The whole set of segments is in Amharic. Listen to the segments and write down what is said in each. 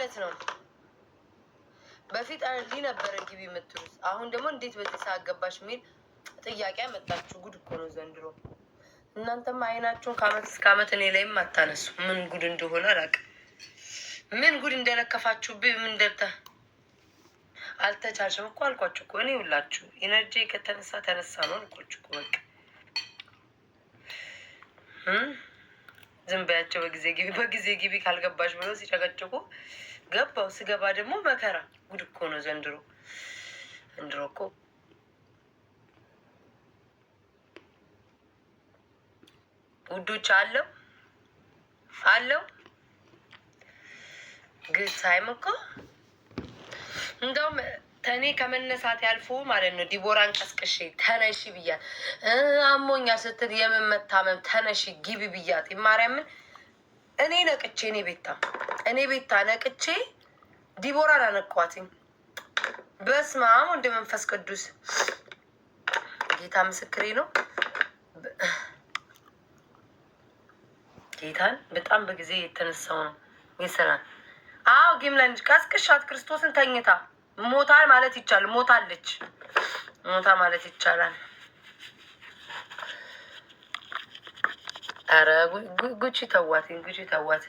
ማለት ነው። በፊት አርሊ ነበረ ግቢ የምትሉት፣ አሁን ደግሞ እንዴት በዚህ ሰዓት ገባሽ የሚል ጥያቄ አመጣችሁ። ጉድ እኮ ነው ዘንድሮ። እናንተም አይናችሁን ከአመት እስከ አመት እኔ ላይም አታነሱ። ምን ጉድ እንደሆነ አላውቅም። ምን ጉድ እንደነከፋችሁብኝ ምን ደርተ አልተቻልሽም እኮ አልኳችሁ እኮ እኔ ሁላችሁ ኢነርጂ ከተነሳ ተነሳ ነው አልኳችሁ እኮ በቃ ዝም በያቸው። በጊዜ ግቢ በጊዜ ግቢ ካልገባሽ ብሎ ሲጨቀጭቁ ገባው። ስገባ ደግሞ መከራ ጉድ እኮ ነው ዘንድሮ። ዘንድሮ እኮ ውዶች አለው አለው ግን ሳይም እኮ እንደውም ተኔ ከመነሳት ያልፎ ማለት ነው። ዲቦራን ቀስቅሼ ተነሺ ብያት አሞኛ ስትል የምን መታመም ተነሺ ግቢ ብያት ማርያምን እኔ ነቅቼ እኔ ቤታ እኔ ቤታ ነቅቼ ዲቦራን አነቋትኝ። በስመ አብ ወወልድ መንፈስ ቅዱስ ጌታ ምስክሬ ነው። ጌታን በጣም በጊዜ የተነሳው ነው ይሰራል። አዎ ጌምላንጅ ቀስቅሻት ክርስቶስን ተኝታ ሞታል ማለት ይቻላል። ሞታለች ሞታ ማለት ይቻላል። አረ ጉቺ ተዋት፣ ጉቺ ተዋት።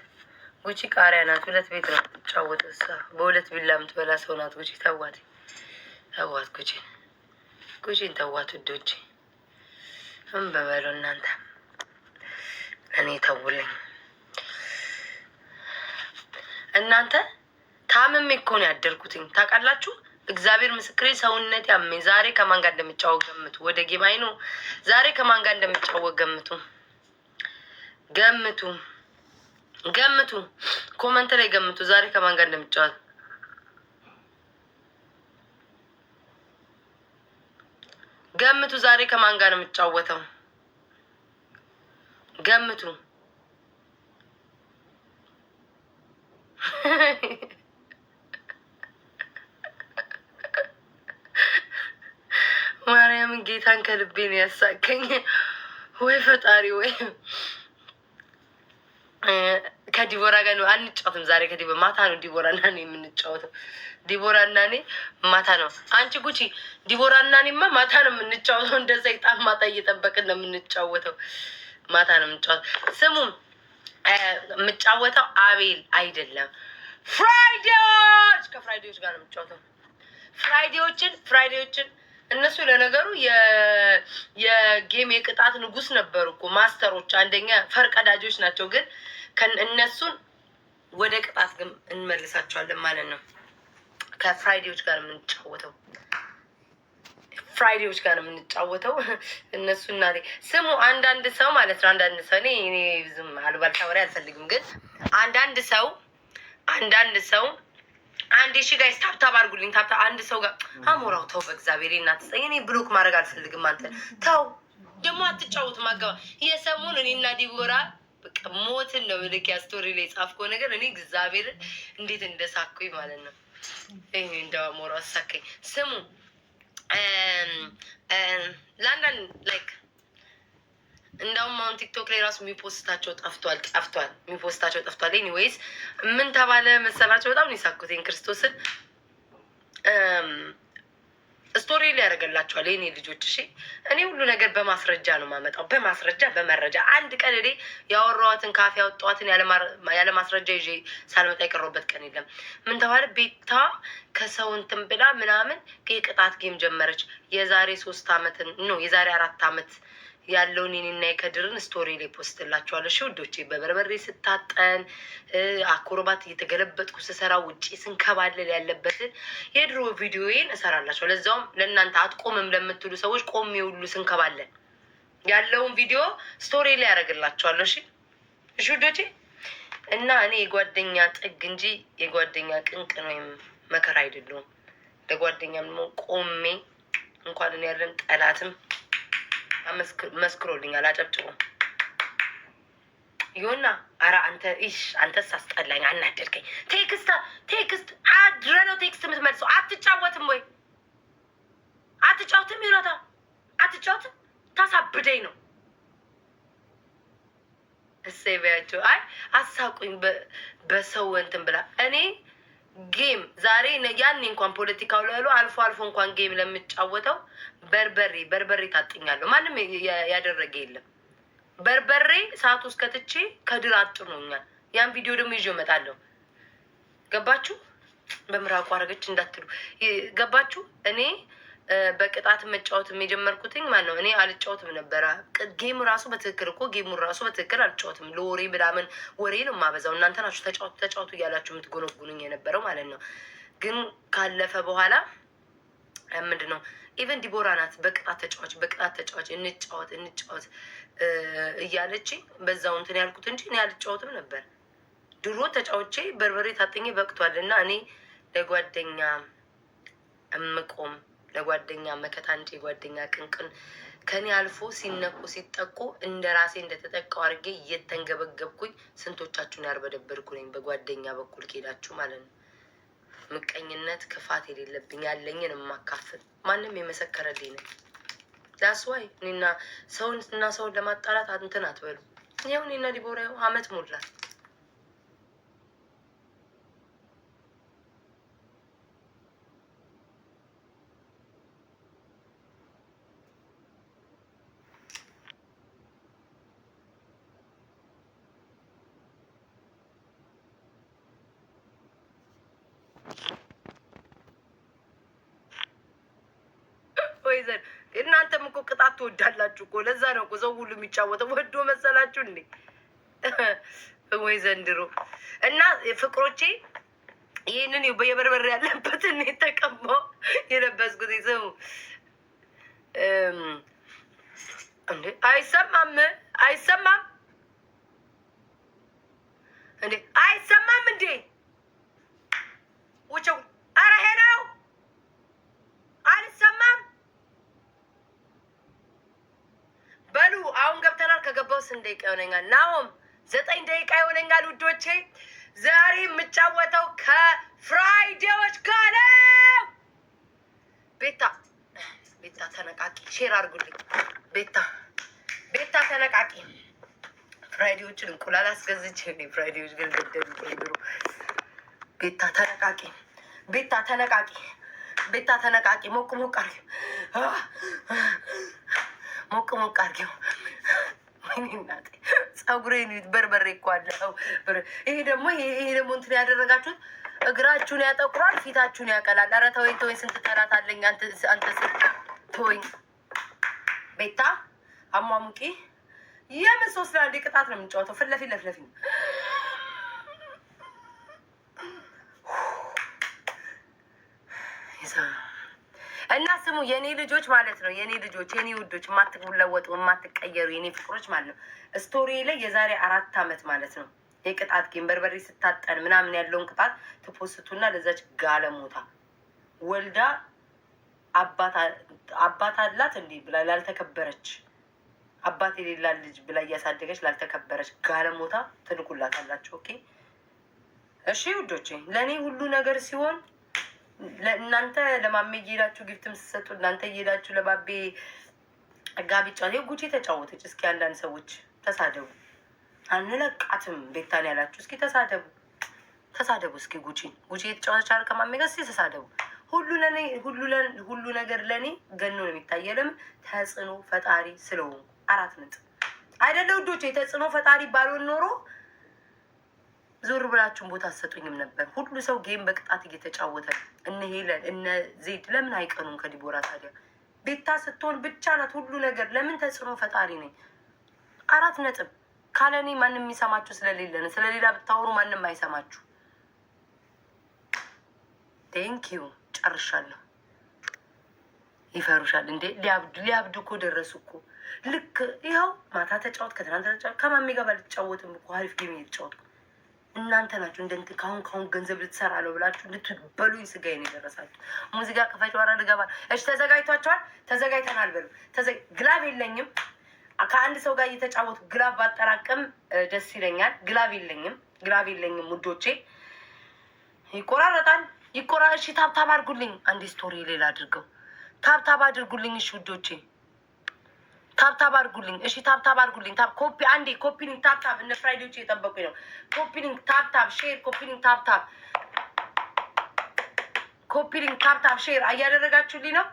ጉቺ ቃሪያ ናት። ሁለት ቤት ነው ጫወት እሷ በሁለት ቢላ የምትበላ ሰው ናት። ጉቺ ተዋት፣ ተዋት። ጉቺ ጉቺን ተዋት። ውዶች እንበበሉ እናንተ እኔ ተውልኝ እናንተ ታምሜ እኮ ነው ያደርኩትኝ ታውቃላችሁ። እግዚአብሔር ምስክሬ ሰውነት ያመኝ። ዛሬ ከማን ጋር እንደምጫወት ገምቱ። ወደ ጌማይ ነው ዛሬ ከማን ጋር እንደምጫወት ገምቱ። ገምቱ ገምቱ፣ ኮመንት ላይ ገምቱ። ዛሬ ከማን ጋር እንደምጫወት ገምቱ። ዛሬ ከማን ጋር ነው የምጫወተው? ገምቱ። ማርያምን ጌታን ከልቤ ነው ያሳቀኝ። ወይ ፈጣሪ ወይ ከዲቦራ ጋር አንጫወትም። ዛሬ ከዲቦራ ማታ ነው ዲቦራ እና እኔ የምንጫወተው። ዲቦራ እና እኔ ማታ ነው። አንቺ ጉቺ፣ ዲቦራ እና እኔማ ማታ ነው የምንጫወተው። እንደዛ ጣም ማታ እየጠበቅን ነው የምንጫወተው። ማታ ነው የምንጫወተው። ስሙ የምጫወተው አቤል አይደለም፣ ፍራይዴዎች ከፍራይዴዎች ጋር ነው የምጫወተው። ፍራይዴዎችን ፍራይዴዎችን እነሱ ለነገሩ የ የጌም የቅጣት ንጉስ ነበሩ እኮ ማስተሮች፣ አንደኛ ፈርቀዳጆች ናቸው። ግን እነሱን ወደ ቅጣት ግን እንመልሳቸዋለን ማለት ነው። ከፍራይዴዎች ጋር የምንጫወተው ፍራይዴዎች ጋር የምንጫወተው እነሱ እና ስሙ አንዳንድ ሰው ማለት ነው። አንዳንድ ሰው እኔ እኔ ብዙም አሉባልታ ወሬ አልፈልግም። ግን አንዳንድ ሰው አንዳንድ ሰው አንድ ሺ ጋይስ ታብታብ አድርጉልኝ። ታብታ አንድ ሰው ጋር አሞራው ተው፣ በእግዚአብሔር እናት እኔ ብሎክ ማድረግ አልፈልግም። አንተ ተው ደግሞ አትጫወት። ማገባ የሰሞን እና ዲቦራ በቃ ሞትን ነው ልክ ያ ስቶሪ ላይ የጻፍከው ነገር እኔ እግዚአብሔር እንዴት እንደሳኩኝ ማለት ነው። ይህ እንደው አሞራው አሳከኝ። ስሙ ላንዳን ላይክ እንዳውም አሁን ቲክቶክ ላይ ራሱ የሚፖስታቸው ጠፍቷል ጠፍቷል የሚፖስታቸው ጠፍቷል። ኤኒዌይስ ምን ተባለ መሰላቸው? በጣም ይሳኩትኝ ክርስቶስን ስቶሪ ላይ ያደርገላቸዋል የኔ ልጆች። እሺ እኔ ሁሉ ነገር በማስረጃ ነው የማመጣው፣ በማስረጃ በመረጃ። አንድ ቀን እኔ ያወራኋትን ካፌ ያወጣኋትን ያለ ማስረጃ ይዤ ሳልመጣ የቀረሁበት ቀን የለም። ምን ተባለ? ቤታ ከሰው እንትን ብላ ምናምን የቅጣት ጌም ጀመረች። የዛሬ ሶስት አመትን ነው የዛሬ አራት አመት ያለውን የኔና የከድርን ስቶሪ ላይ ፖስትላቸዋለሁ። እሺ ውዶቼ፣ በበርበሬ ስታጠን አኮርባት እየተገለበጥኩ ስሰራ ውጪ ስንከባለል ያለበትን የድሮ ቪዲዮዬን እሰራላቸው። ለዛውም ለእናንተ አትቆምም ለምትሉ ሰዎች ቆም ሁሉ ስንከባለን ያለውን ቪዲዮ ስቶሪ ላይ ያደርግላቸዋለሁ። እሺ እሺ ውዶቼ እና እኔ የጓደኛ ጥግ እንጂ የጓደኛ ቅንቅን ወይም መከራ አይደለሁም። ለጓደኛም ደግሞ ቆሜ እንኳን ያለን ጠላትም መስክሮልኛል። አጨብጭቡም ይሁና። አረ አንተ ኢሽ አንተስ አስጠላኝ፣ አናደድከኝ። ቴክስት ቴክስት አድረ ነው ቴክስት የምትመልሰው። አትጫወትም ወይ አትጫወትም? ይሮታ አትጫወትም። ታሳብደኝ ነው እሴ ቢያቸው አይ አሳቁኝ በሰው እንትን ብላ እኔ ጌም ዛሬ ያኔ እንኳን ፖለቲካው ላሉ አልፎ አልፎ እንኳን ጌም ለምጫወተው በርበሬ በርበሬ ታጥኛለሁ። ማንም ያደረገ የለም። በርበሬ ሰዓት ውስጥ ከትቼ ከድር አጥኖኛል። ያን ቪዲዮ ደግሞ ይዤ እመጣለሁ። ገባችሁ? በምራቁ አረገች እንዳትሉ ገባችሁ? እኔ በቅጣት መጫወት የጀመርኩትኝ ማለት ነው። እኔ አልጫወትም ነበረ ጌሙ ራሱ በትክክል እኮ ጌሙ ራሱ በትክክል አልጫወትም። ለወሬ ምናምን ወሬ ነው የማበዛው። እናንተ ናችሁ ተጫወቱ ተጫወቱ እያላችሁ የምትጎነጉኑኝ የነበረው ማለት ነው። ግን ካለፈ በኋላ ምንድን ነው ኢቨን ዲቦራ ናት በቅጣት ተጫዋች በቅጣት ተጫዋች እንጫወት እንጫወት እያለች በዛው እንትን ያልኩት እንጂ እኔ አልጫወትም ነበር። ድሮ ተጫውቼ በርበሬ ታጠኘ በቅቷል እና እኔ ለጓደኛ እምቆም ለጓደኛ መከታ እንጂ የጓደኛ ቅንቅን ከኔ አልፎ ሲነቁ ሲጠቁ እንደ ራሴ እንደተጠቃው አድርጌ እየተንገበገብኩኝ ስንቶቻችሁን ያርበደበድኩ ነኝ። በጓደኛ በኩል ከሄዳችሁ ማለት ነው። ምቀኝነት፣ ክፋት የሌለብኝ ያለኝን የማካፍል ማንም የመሰከረልኝ ነው። ዛስ ዋይ እኔና ሰውን እና ሰውን ለማጣላት እንትን አትበሉ። ይኸው እኔና ዲቦራ አመት ሞላት። ይዘን እናንተም እኮ ቅጣት ትወዳላችሁ እኮ። ለዛ ነው እኮ ሰው ሁሉ የሚጫወተው ወዶ መሰላችሁ እንዴ? ወይ ዘንድሮ እና ፍቅሮቼ ይህንን የበርበሬ ያለበትን የተቀማው የለበስኩት ሰው አይሰማም፣ አይሰማም እንዴ አይሰማም እንዴ ስንት ደቂቃ ይሆነኛል? ናሆም ዘጠኝ ደቂቃ ይሆነኛል ውዶቼ። ዛሬ የምጫወተው ከፍራይዴዎች ጋር ቤታ ቤታ ተነቃቂ፣ ሼር አድርጉልኝ። ቤታ ቤታ ተነቃቂ። ፍራይዴዎችን እንቁላል አስገዝቼ ፍራይዴዎች ግን ገደሉ። ቤታ ተነቃቂ፣ ቤታ ተነቃቂ፣ ቤታ ተነቃቂ። ሞቅ ሞቅ አድርጊው፣ ሞቅ ሞቅ አድርጊው። ይናት ጸጉሬን በርበሬ እኮ አለው። ይሄ ደግሞ ይሄ ደግሞ እንትን ያደረጋችሁት እግራችሁን ያጠቁራል፣ ፊታችሁን ያቀላል። ኧረ ተወኝ ተወኝ፣ ስንት ጠላት አለኝ። አንተ ተወኝ ቤታ አሟሙቂ የምን ሶስት ለአንድ ቅጣት ነው የምንጫወተው። ፍለፊ ለፍለፊ ለፊት እና ስሙ የኔ ልጆች ማለት ነው። የኔ ልጆች፣ የኔ ውዶች፣ የማትለወጡ የማትቀየሩ የኔ ፍቅሮች ማለት ነው። ስቶሪ ላይ የዛሬ አራት አመት ማለት ነው የቅጣት ጌም በርበሬ ስታጠን ምናምን ያለውን ቅጣት ትፖስቱና ለዛች ጋለሞታ ወልዳ አባት አላት እንዲህ ብላ ላልተከበረች አባት የሌላ ልጅ ብላ እያሳደገች ላልተከበረች ጋለሞታ ትልኩላት አላቸው። ኦኬ እሺ ውዶቼ፣ ለእኔ ሁሉ ነገር ሲሆን እናንተ ለማሜ እየሄዳችሁ ግፍትም ስሰጡ እናንተ እየሄዳችሁ ለባቤ ጋብቻ ጉቺ ተጫወተች። እስኪ አንዳንድ ሰዎች ተሳደቡ፣ አንለቃትም ቤታን ያላችሁ እስኪ ተሳደቡ፣ ተሳደቡ እስኪ ጉቺ ጉቺ የተጫወተች አር ከማሜ ጋር እስኪ ተሳደቡ። ሁሉ ለኔ ሁሉ ሁሉ ነገር ለእኔ ገኖ ነው የሚታየለም ተጽዕኖ ፈጣሪ ስለሆንኩ አራት ነጥብ አይደለ ውዶች። የተጽዕኖ ፈጣሪ ባልሆን ኖሮ ዞር ብላችሁን ቦታ አትሰጡኝም ነበር። ሁሉ ሰው ጌም በቅጣት እየተጫወተ እነ ሄለን እነ ዜድ ለምን አይቀኑም? ከዲቦራ ታዲያ ቤታ ስትሆን ብቻ ናት ሁሉ ነገር። ለምን ተጽዕኖ ፈጣሪ ነኝ? አራት ነጥብ ካለ እኔ ማንም የሚሰማችሁ ስለሌለ ነው። ስለሌላ ብታወሩ ማንም አይሰማችሁ። ቴንኪዩ ጨርሻለሁ። ይፈሩሻል እንዴ? ሊያብዱ ሊያብዱ እኮ ደረሱ እኮ ልክ ይኸው ማታ ተጫወት፣ ከትናንት ተጫወት። ከማሜ ጋር ባልተጫወትም እኮ አሪፍ ጌም እየተጫወትኩ እናንተ ናችሁ እንደንት ካሁን ካሁን ገንዘብ ልትሰራ ነው ብላችሁ ልትበሉኝ ስጋዬ ነው የደረሳችሁ። ሙዚቃ ክፈጭ ዋራ ልገባ እሺ፣ ተዘጋጅቷቸዋል። ተዘጋጅተናል በሉ። ግላብ የለኝም ከአንድ ሰው ጋር እየተጫወትኩ ግላብ ባጠራቅም ደስ ይለኛል። ግላብ የለኝም፣ ግላብ የለኝም ውዶቼ። ይቆራረጣል፣ ይቆራ እሺ። ታብታብ አድርጉልኝ። አንድ ስቶሪ ሌላ አድርገው ታብታብ አድርጉልኝ። እሺ ውዶቼ ታብታብ አድርጉልኝ። እሺ ታብታብ አድርጉልኝ። ታብ ኮፒ አንዴ ኮፒኒንግ ታብታብ። እነ ፍራይዴዎች እየጠበቁኝ ነው። ኮፒኒንግ ታብታብ ሼር፣ ኮፒኒንግ ታብታብ፣ ኮፒኒንግ ታብታብ ሼር እያደረጋችሁልኝ ነው።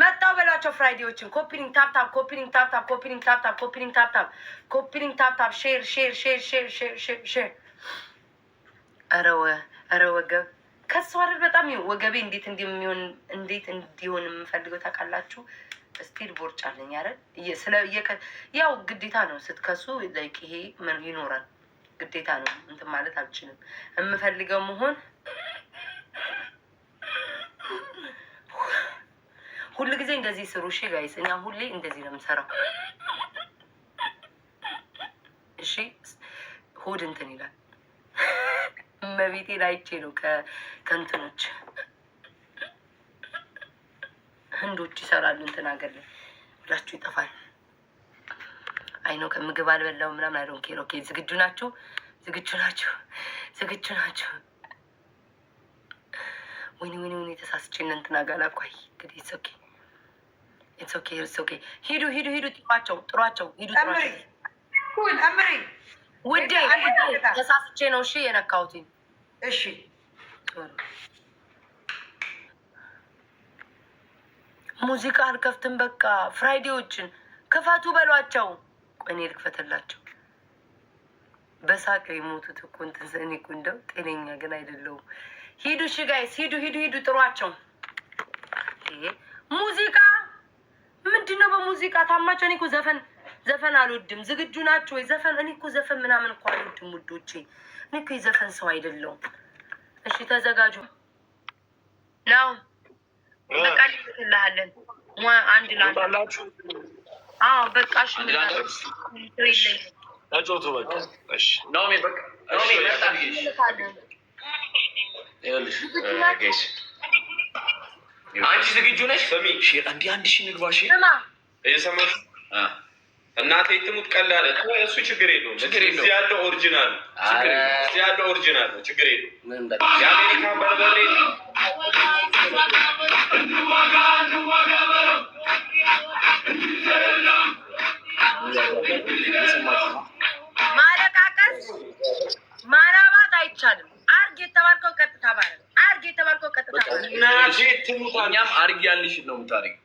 መጣው በሏቸው ፍራይዴዎችን። ኮፒኒንግ ታብታብ፣ ኮፒኒንግ ታብታብ፣ ኮፒኒንግ ታብታብ፣ ኮፒኒንግ ታብታብ፣ ኮፒኒንግ ታብታብ ሼር፣ ሼር፣ ሼር፣ ሼር፣ ሼር፣ ሼር፣ ሼር። ኧረ ኧረ ወገብ ከሷ አይደል በጣም ወገቤ እንዴት እንዲሆን እንዴት እንዲሆን የምፈልገው ታውቃላችሁ። ስቲል ቦርጫ አለኝ አይደል? ያው ግዴታ ነው። ስትከሱ ላይክ ይሄ ምን ይኖራል? ግዴታ ነው። እንትን ማለት አልችልም። የምፈልገው መሆን ሁሉ ጊዜ እንደዚህ ስሩ። እሺ ጋይስ፣ እኛ ሁሌ እንደዚህ ነው የምሰራው። እሺ ሆድ እንትን ይላል። መቤቴ ላይቼ ነው ከእንትኖች ህንዶች ይሰራሉ እንትን ሀገር ላይ ብላችሁ ይጠፋል። አይ ነው ከምግብ አልበላው ምናምን አይዶን ኬር። ኦኬ ዝግጁ ናችሁ? ዝግጁ ናችሁ? ዝግጁ ናችሁ? ወይኔ ወይኔ ወይኔ የተሳስቼ እንትና ጋር ላኳይ እንግዲህ ኢትስ ኦኬ ኢትስ ኦኬ ኢትስ ኦኬ። ሂዱ ሂዱ ሂዱ፣ ጥሯቸው ጥሯቸው፣ ሂዱ ጥሯቸው። ውዴ ተሳስቼ ነው እሺ የነካሁትኝ። እሺ ሙዚቃ አልከፍትም። በቃ ፍራይዴዎችን ክፈቱ በሏቸው። ቆኔ ልክፈትላቸው። በሳቅ የሞቱት እኮ እንትን እኔ እኮ እንደው ጤነኛ ግን አይደለሁም። ሂዱ እሺ ጋይስ ሂዱ ሂዱ ሂዱ፣ ጥሯቸው። ሙዚቃ ምንድን ነው? በሙዚቃ ታማቸው። እኔ እኮ ዘፈን ዘፈን አልወድም። ዝግጁ ናቸው ወይ? ዘፈን እኔ እኮ ዘፈን ምናምን እኮ አልወድም ውዶቼ። እኔ እኮ የዘፈን ሰው አይደለሁም። እሺ ተዘጋጁ ነው በቃ ልልሃለን አንድ ላላችሁ በቃ ጫጩቱ በቃ አንቺ ዝግጁ ነሽ? እንዲህ አንድ ሺህ ንግባ ሺህ እናቴ ትሙት ቀላል እሱ ችግር የለውም። እዚህ ያለው ኦሪጂናል እዚህ ያለው ኦሪጂናል ነው፣ ችግር የለውም። የአሜሪካ በርበሬ ማለቃቀስ ማራባት አይቻልም። አርግ የተባልከው ቀጥታ ማለት አርግ የተባልከው ቀጥታ ማለት ነው። እናቴ ትሙት እኛም አርግ ያልሽ ነው የምታደርጊው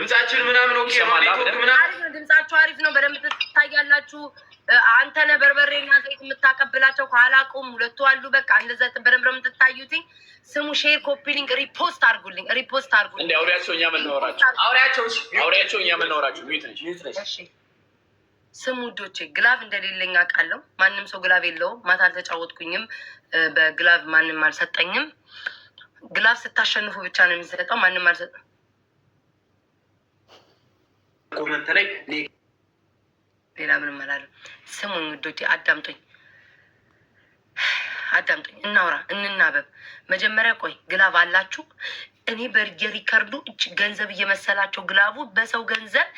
ድምጻችን ምናምን ኦኬ ነው። ምናምን አሪፍ ነው። ድምጻችሁ አሪፍ ነው። በደንብ ትታያላችሁ። አንተ ነህ በርበሬና ዘይት የምታቀብላቸው ካላቁም ሁለቱ አሉ። በቃ እንደዛ በደንብ ነው የምትታዩትኝ። ስሙ ሼር፣ ኮፒ ሊንክ፣ ሪፖስት አድርጉልኝ። ሪፖስት አድርጉልኝ። እንዴ። አውሪያቸው እኛ የምናወራቸው አውሪያቸው አውሪያቸው እኛ ሚት ነሽ ስሙ ውዶቼ፣ ግላቭ እንደሌለኝ አውቃለሁ። ማንም ሰው ግላቭ የለውም። ማታ አልተጫወትኩኝም። በግላቭ ማንም አልሰጠኝም። ግላቭ ስታሸንፉ ብቻ ነው የሚሰጠው። ማንም አልሰጠ ኮመንት ላይ ሌላ ምንም አላለም። ስሙኝ ውዶቼ፣ አዳምጦኝ አዳምጦኝ፣ እናውራ እንናበብ። መጀመሪያ ቆይ ግላብ አላችሁ እኔ በእርጄ ሪከርዱ እች ገንዘብ እየመሰላቸው ግላቡ በሰው ገንዘብ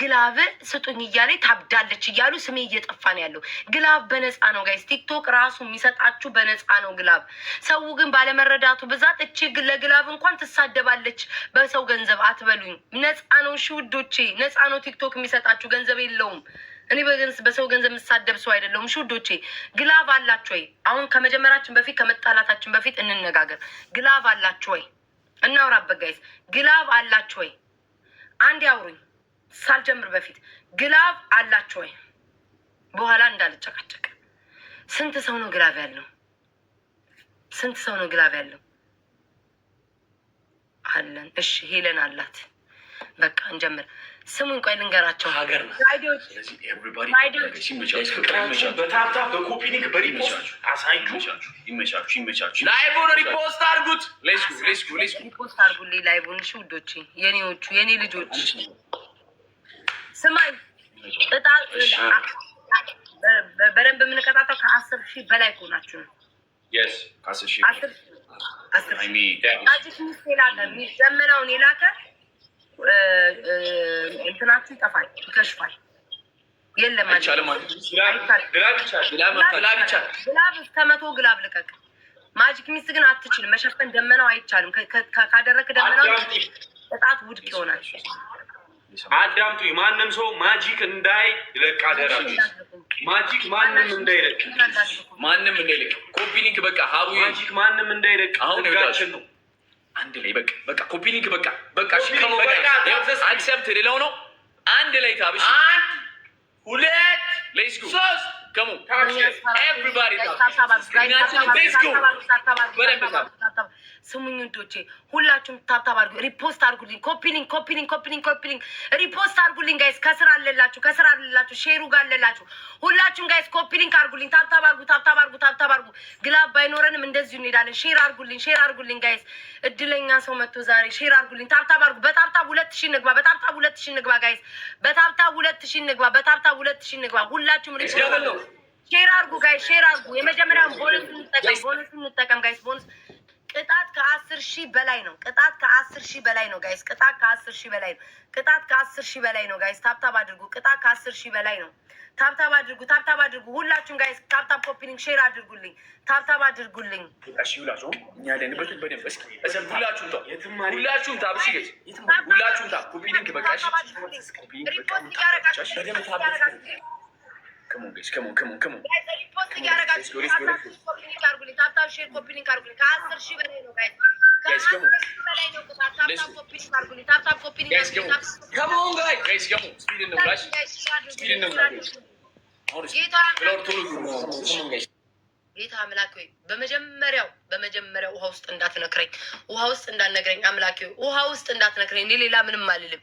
ግላብ ስጡኝ እያለ ታብዳለች እያሉ ስሜ እየጠፋ ነው ያለው። ግላብ በነፃ ነው ጋይስ፣ ቲክቶክ ራሱ የሚሰጣችሁ በነፃ ነው ግላብ። ሰው ግን ባለመረዳቱ ብዛት እቺ ለግላብ እንኳን ትሳደባለች። በሰው ገንዘብ አትበሉኝ፣ ነፃ ነው ሺ ውዶቼ፣ ነፃ ነው ቲክቶክ የሚሰጣችሁ ገንዘብ የለውም። እኔ በሰው ገንዘብ የምሳደብ ሰው አይደለሁም። ሺ ውዶቼ፣ ግላብ አላችሁ ወይ? አሁን ከመጀመራችን በፊት ከመጣላታችን በፊት እንነጋገር። ግላብ አላችሁ ወይ? እናውራበት ጋይስ። ግላብ አላችሁ ወይ? አንድ ያውሩኝ ሳልጀምር በፊት ግላብ አላችሁ ወይ? በኋላ እንዳልጨቃጨቅ። ስንት ሰው ነው ግላብ ያለው? ስንት ሰው ነው ግላብ ያለው? አለን። እሺ ሄለን አላት። በቃ እንጀምር። ስሙን ቆይ ልንገራቸው። ሀገር ላይቡን ሪፖስት አድርጉት፣ ሪፖስት አድርጉልኝ ላይቡን። እሺ ውዶች፣ የኔዎቹ የኔ ልጆች ስማኝ፣ በጣም በደንብ የምንቀጣጠው ከአስር ሺህ በላይ ከሆናችሁ ነው። አስር ሺህ ሚስት የላከ የሚዘመናውን የላከ እንትናችሁ ይጠፋል፣ ይከሽፋል። ግላብ እስከ መቶ ግላብ ልቀቅ። ማጂክ ሚስት ግን መሸፈን። ደመናው አይቻልም። ካደረክ ደመናው እጣት ውድቅ ይሆናል። አዳምጡ። ማንም ሰው ማጂክ እንዳይለቅ አደራ። ማጂክ ማንም እንዳይለቅ፣ ማንም እንዳይለቅ። ኮፒ ሊንክ በቃ ሀቡ ማጂክ ማንም እንዳይለቅ። አሁን ነው አንድ ላይ በቃ በቃ ኮፒ ሊንክ በቃ በቃ እሺ፣ አክሰፕት ሌላው ነው። አንድ ላይ ታብሽ አንድ ሁለት ሌትስ ጎ ሶስት ከሙ ኤቭሪባዲ ታብሽ ስሙኝ እንዶቼ ሁላችሁም ታብታብ አድርጉ፣ ሪፖስት አድርጉልኝ። ኮፒሊንግ ኮፒሊንግ ኮፒሊንግ ኮፒሊንግ ሪፖስት አድርጉልኝ ጋይስ። ከስራ አለላችሁ፣ ከስራ አለላችሁ፣ ሼሩ ጋር አለላችሁ። ሁላችሁም ጋይስ ኮፒሊንግ አድርጉልኝ። ታብታብ አድርጉ፣ ታብታብ አድርጉ፣ ታብታብ አድርጉ። ግላብ ባይኖረንም እንደዚህ እንደዚሁ እንሄዳለን። ሼር አርጉልኝ፣ ሼር አርጉልኝ ጋይስ። እድለኛ ሰው መጥቶ ዛሬ ሼር አርጉልኝ። ታብታብ አርጉ። በታብታብ ሁለት ሺህ እንግባ። በታብታብ ሁለት ሺ ንግባ ጋይስ፣ በታብታብ ሁለት ሺ ንግባ ጋይስ በታብታብ ሁለት ሺ ንግባ በታብታብ ሁለት ሺ ንግባ ሁላችሁም ሪ ሼር አርጉ ጋይስ፣ ሼር አርጉ። የመጀመሪያውን ቦነስ እንጠቀም፣ ቦነስ እንጠቀም ጋይስ። ቦነስ ቅጣት ከአስር ሺህ በላይ ነው። ቅጣት ከአስር ሺህ በላይ ነው ጋይስ። ቅጣት ከአስር ሺህ በላይ ነው። ቅጣት ከአስር ሺህ በላይ ነው ጋይስ። ታብታብ አድርጉ። ቅጣት ከአስር ሺህ በላይ ነው። ታብታብ አድርጉ፣ ታብታብ አድርጉ። ሁላችሁም ጋይስ ታብታብ ኮፒሊንግ ሼር አድርጉልኝ፣ ታብታብ አድርጉልኝ። እሺ ሁላችሁም ታብ ሁላችሁም ታብ ኮፒሊንግ በቃ እሺ ታብ ኮፒሊንግ አድርጉልኝ፣ ጌታ አምላክ ሆይ በመጀመሪያው በመጀመሪያው ውሃ ውስጥ እንዳትነክረኝ፣ ውሃ ውስጥ እንዳትነክረኝ፣ አምላክ ሆይ ውሃ ውስጥ እንዳትነክረኝ። እኔ ሌላ ምንም አልልም።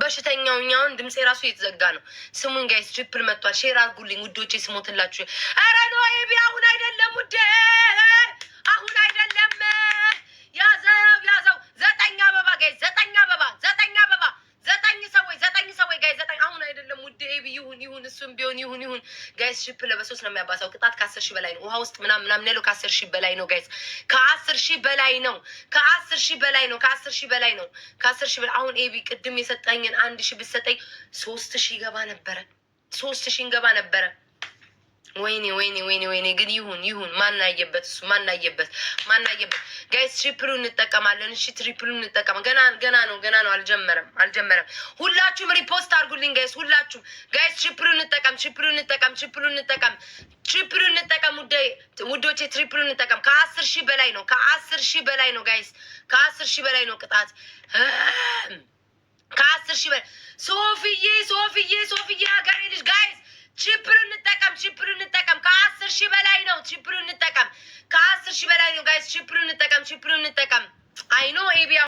በሽተኛው እኛውን ድምፄ ራሱ እየተዘጋ ነው። ስሙን ጋይስ ጅፕል መጥቷል። ሼር አድርጉልኝ ውዶቼ፣ ስሞትላችሁ። ኧረ ኖ ይቢ አሁን አይደለም ውዴ ቢሆን ይሁን ይሁን ጋይስ ሽፕ ለበሶስት ነው የሚያባሳው። ቅጣት ከአስር ሺህ በላይ ነው። ውሃ ውስጥ ምናምን ምናምን ያለው ከአስር ሺህ በላይ ነው ጋይስ፣ ከአስር ሺህ በላይ ነው። ከአስር ሺህ በላይ ነው። ከአስር ሺህ በላይ ነው። ከአስር ሺህ በላይ አሁን ኤቢ ቅድም የሰጠኝን አንድ ሺህ ብትሰጠኝ ሶስት ሺህ ይገባ ነበረ። ሶስት ሺህ እንገባ ነበረ። ወይኔ ወይኔ ወይኔ ወይኔ ግን ይሁን ይሁን ማናየበት እሱ ማናየበት ማናየበት ጋይስ ትሪፕሉ እንጠቀማለን። እሺ ትሪፕሉ እንጠቀማ ገና ገና ነው ገና ነው አልጀመረም አልጀመረም። ሁላችሁም ሪፖስት አድርጉልኝ ጋይስ ሁላችሁም ጋይስ ትሪፕሉ እንጠቀም ትሪፕሉ እንጠቀም ትሪፕሉ እንጠቀም ትሪፕሉ እንጠቀም ውዶቼ ትሪፕሉ እንጠቀም። ከአስር ሺህ በላይ ነው ከአስር ሺህ በላይ ነው ጋይስ ከአስር ሺህ በላይ ነው ቅጣት ከአስር ሺህ በላይ ሶፍዬ ሶፍዬ ሶፍዬ ሀገሬ ልጅ ጋይስ ቺፕሩ እንጠቀም፣ ቺፕሩ እንጠቀም። ከአስር ሺህ በላይ ነው። ቺፕሩ እንጠቀም፣ ከአስር ሺህ በላይ ነው። ጋይስ ቺፕሩ እንጠቀም፣ ቺፕሩ እንጠቀም። አይኖ ኤቢያ